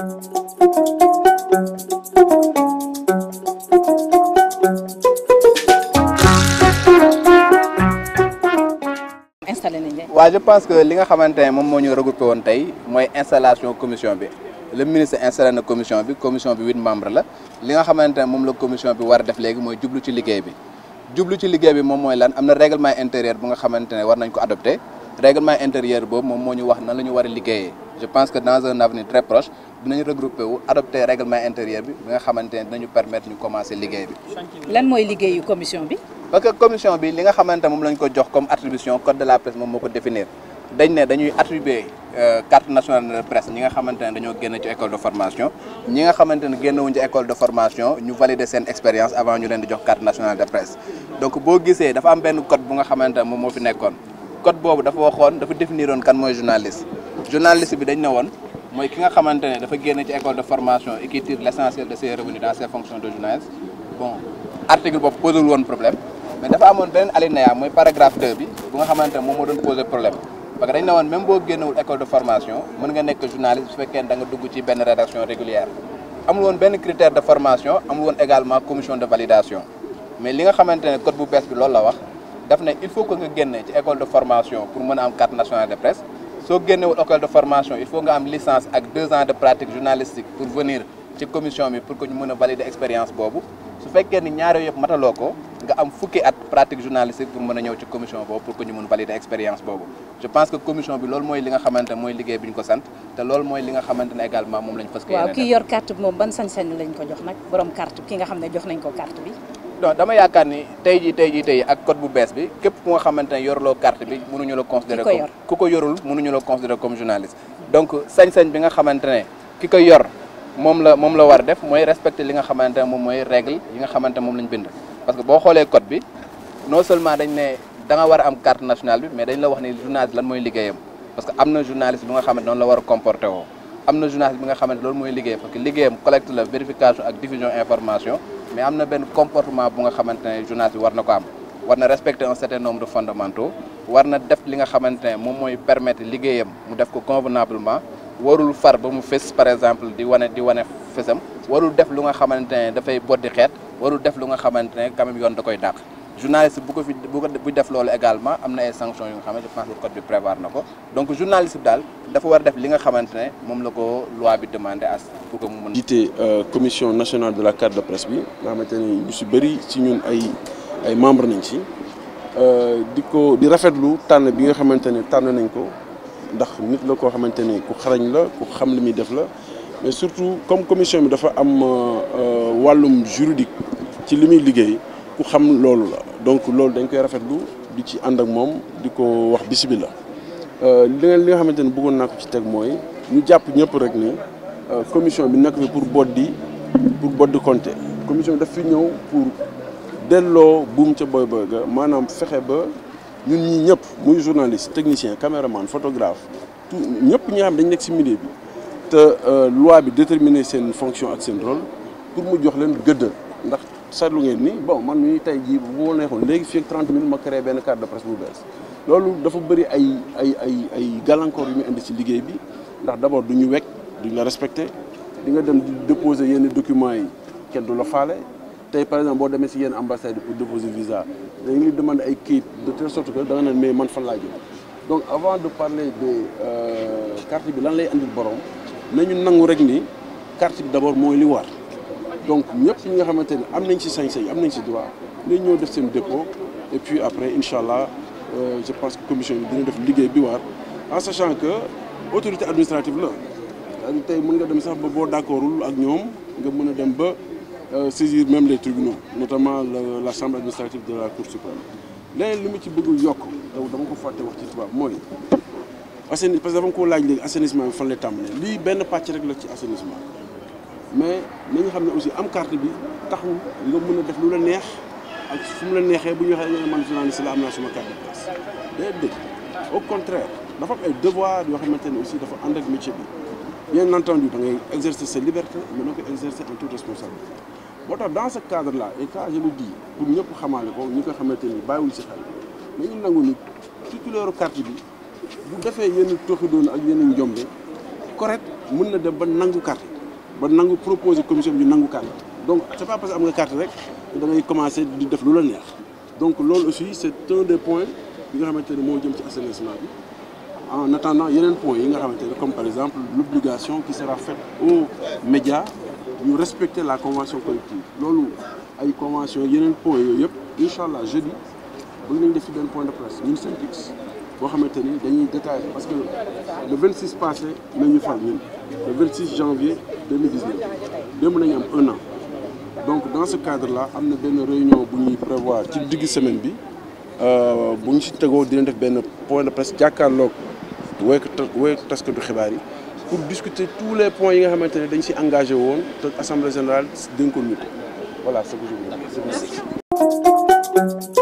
installé nañ leen. waaw je que li nga xamante ne moom moo ñu regroupé woon tey mooy installation commission bi le ministre installé na commission bi commission bi huit membres la li nga xamante ne moom la commission bi war a def léegi mooy jublu ci liggéey bi jublu ci liggéey bi moom mooy lan am na règlement intérieur bu nga xamante ne war nañ ko adopté. règlement intérieur boobu moom moo ñu wax na la war a liggéeyee je pense que dans un avenir très proche dinañu regrouper wu adopter règlement intérieur bi nga xamante ne dinañu permettre ñu commencer liggéey bi. lan mooy liggéeyu commission bi. parce que commission bi li nga xamante moom lañ ko jox comme attribution code de la presse moom moo ko définir dañ ne dañuy attribuer euh, carte nationale de presse ñi nga xamante ne dañoo génn ci école de formation ñi nga xamante ne génnewuñ ci école de ñu valider seen expérience avant ñu leen di jox carte nationale de presse donc boo gisee dafa am nga xamante ne moom moo fi nekkoon. code boobu dafa waxoon dafa définir woon kan mooy journaliste journaliste bi dañ na woon mooy ki nga xamante ne dafa génn ci école de formation et qui l' essentiel de ses revenus dans ses fonctions de journaliste bon article boobu posewul woon problème mais dafa amoon beneen alinéa mooy paragraphe 2 bi bu nga xamante moom moo doon poser problème parce que dañ ne woon même boo génnewul école de formation mën nga nekk journaliste su fekkee da nga dugg ci de formation amul woon également commission de validation mais li xamante ne code bu bees bi loolu la wax def ne il faut que nga génne ci école de formation pour mën a am carte nationale de presse soo génnewul école de formation il faut nga am licence ak deux ans de pratique journalistique pour venir ci commission bi pour que ñu mën a valider expérience boobu su fekkee ni ñaar yëpp mataloo ko nga am fukki at pratique journalistique pour mën a ñëw ci commission boobu pour que ñu mën valider expérience boobu je pense que commission bi loolu mooy li nga non dama yaakaar ni tey jii tey jii tey ak code bu bees bi képp ku nga xamante ne yoruloo carte bi mënuñu la considérer comme ku ko yorul mënuñu la considérer comme journaliste donc sañ-sañ bi nga xamante ne ki ko yor moom la moom la war def mooy respecter li nga xamante ne moom mooy règle yi nga xamante ne moom lañ bind parce que boo xoolee code bi non seulement dañ ne da nga war a am carte nationale bi mais dañ la wax ne journaliste lan mooy liggéeyam parce que am na journaliste bi nga xamante noonu la war a comporté woo mooy liggéey parce que liggéeyam collecte la ak diffusion information mais am na benn comportement bu nga xamante ne journaliste bi war na ko am war na respecter un certain nombre de fondamentaux war na def li nga xamante ne moom mooy permettre liggéeyam mu def ko convenablement warul far ba mu fës par exemple di wane di wane fësam warul def lu nga xamante ne dafay boddi xeet warul def lu nga xamante ne quand même yoon da koy dàq journaliste bu ko fi bu ko bu def loolu également am na ay sanctions yu nga xam ne je pense que na ko donc journaliste bi daal dafa war a def li nga xamante ne moom la ko loi bi demandé as pour que mu mën. jiite euh, commission de la carte de presse bi nga xamante ne ñu si bëri si ñun ay ay membre nañ ci euh, di ko di rafetlu tànn bi nga xamante ne tànn nañ ko ndax nit la koo xamante ne ku xarañ la ku xam li muy def la mais surtout comme commission bi dafa am euh, wàllum juridique ci li muy liggéey ku xam loolu la. donc loolu dañ koy rafet lu di ci ànd ak moom di ko wax bisimilah euh, li nga li nga xamante ne bëggoon naa ko ci teg mooy ñu jàpp ñëpp rek ni euh, commission bi nekk fi pour boddi pour boddi compter commission bi daf fi ñëw pour delloo buum ca booy boy ga maanaam fexe ba ñun ñii ñëpp muy journaliste technicien caméraman photographe tout ñëpp ñi nga xam dañ nekk ci milieu bi te euh, loi bi déterminer seen fonction ak seen rôle pour mu jox leen gëdd ndax seetlu ngeen ni bon man mii tey jii bu ma neexoon léegi fii ak 30 minutes ma créé benn carte de presse bu bees loolu dafa bëri ay ay ay ay gàllankoor yu mu indi ci liggéey bi ndax d'abord du ñu wekk duñ la respecté di nga dem di déposer yenn documents yi kenn du la faale tey par exemple boo demee ci yenn ambassade pour déposer visa dañu la demande ay kayit de telle sorte que da nga naan mais man fan laa jëm donc avant de parler des euh, carte bi lan lay indil borom nañu nangu rek ni carte bi d'abord mooy li war. donc ñëpp ñi nga xamante ne am nañ ci sañ-sañ am nañ ci droit nañ ñëw def seen dépôt et puis après incha allah euh, je pense que commission bi dina def liggéey bi waar en sachant que autorité administrative la tey mën nga dem sax ba boo d'accordul ak ñoom nga mën a dem ba euh, saisir même les tribunaux notamment le, la chambre administrative de la cour suprême leneen li mu ci bëggul yokk dama ko fàtte wax ci tubaab mooy assaini parce que dama ko laaj léegi assainissement bi fan lay tàmbalee lii benn pàcc rek la ci assainissement mais nañu xam ne aussi am carte bi taxul nga mën a def lu la neex ak fu mu la neexee bu ñu waxee nga ne man si la am naa suma carte de presse déedéet au contraire dafa am ay devoir yoo xamante ne aussi dafa ànd ak métier bi bien entendu da ngay exercer sa liberté mais na ko exercer en toute responsabilité boo tax dans ce cadre là pour ñëpp xamaale ko ñi ko xamante ni bàyyiwuñ si xel nañu nangu ni titulaire carte bi bu defee yenn toxi doon ak yenn njombe correct mun na dem ba nangu yi ba nangu proposer commission bi ñu nangu carte donc c'est pas parce que am nga carte rek da ngay commencer di def lu la neex donc loolu aussi c'est un des points bi nga xamante ne moo jëm ci assainissement bi en yi nga xamante ne comme par exemple l'obligation qui sera faite aux médias ñu respecter la convention collective loolu ay convention yeneen points yooyu yëpp incha allah jeudi bëgg nañ def ci benn point de presse ñun Synpics boo xamante ni dañuy détaillé parce que vingt 26 passé nañu fal ñun le 26 janvier 2019 démb nañu am un an donc dans ce cadre là am na benn réunion bu ñuy prévoir ci digg semaine bi euh, bu ñu si tegoo dina def benn point de presse jàkkaarloog woy woy taskatu xibaar yi pour discuter tous les points yi nga xamante ne dañ si engagé woon te assemblée générale dañ ko nuyu voilà c'est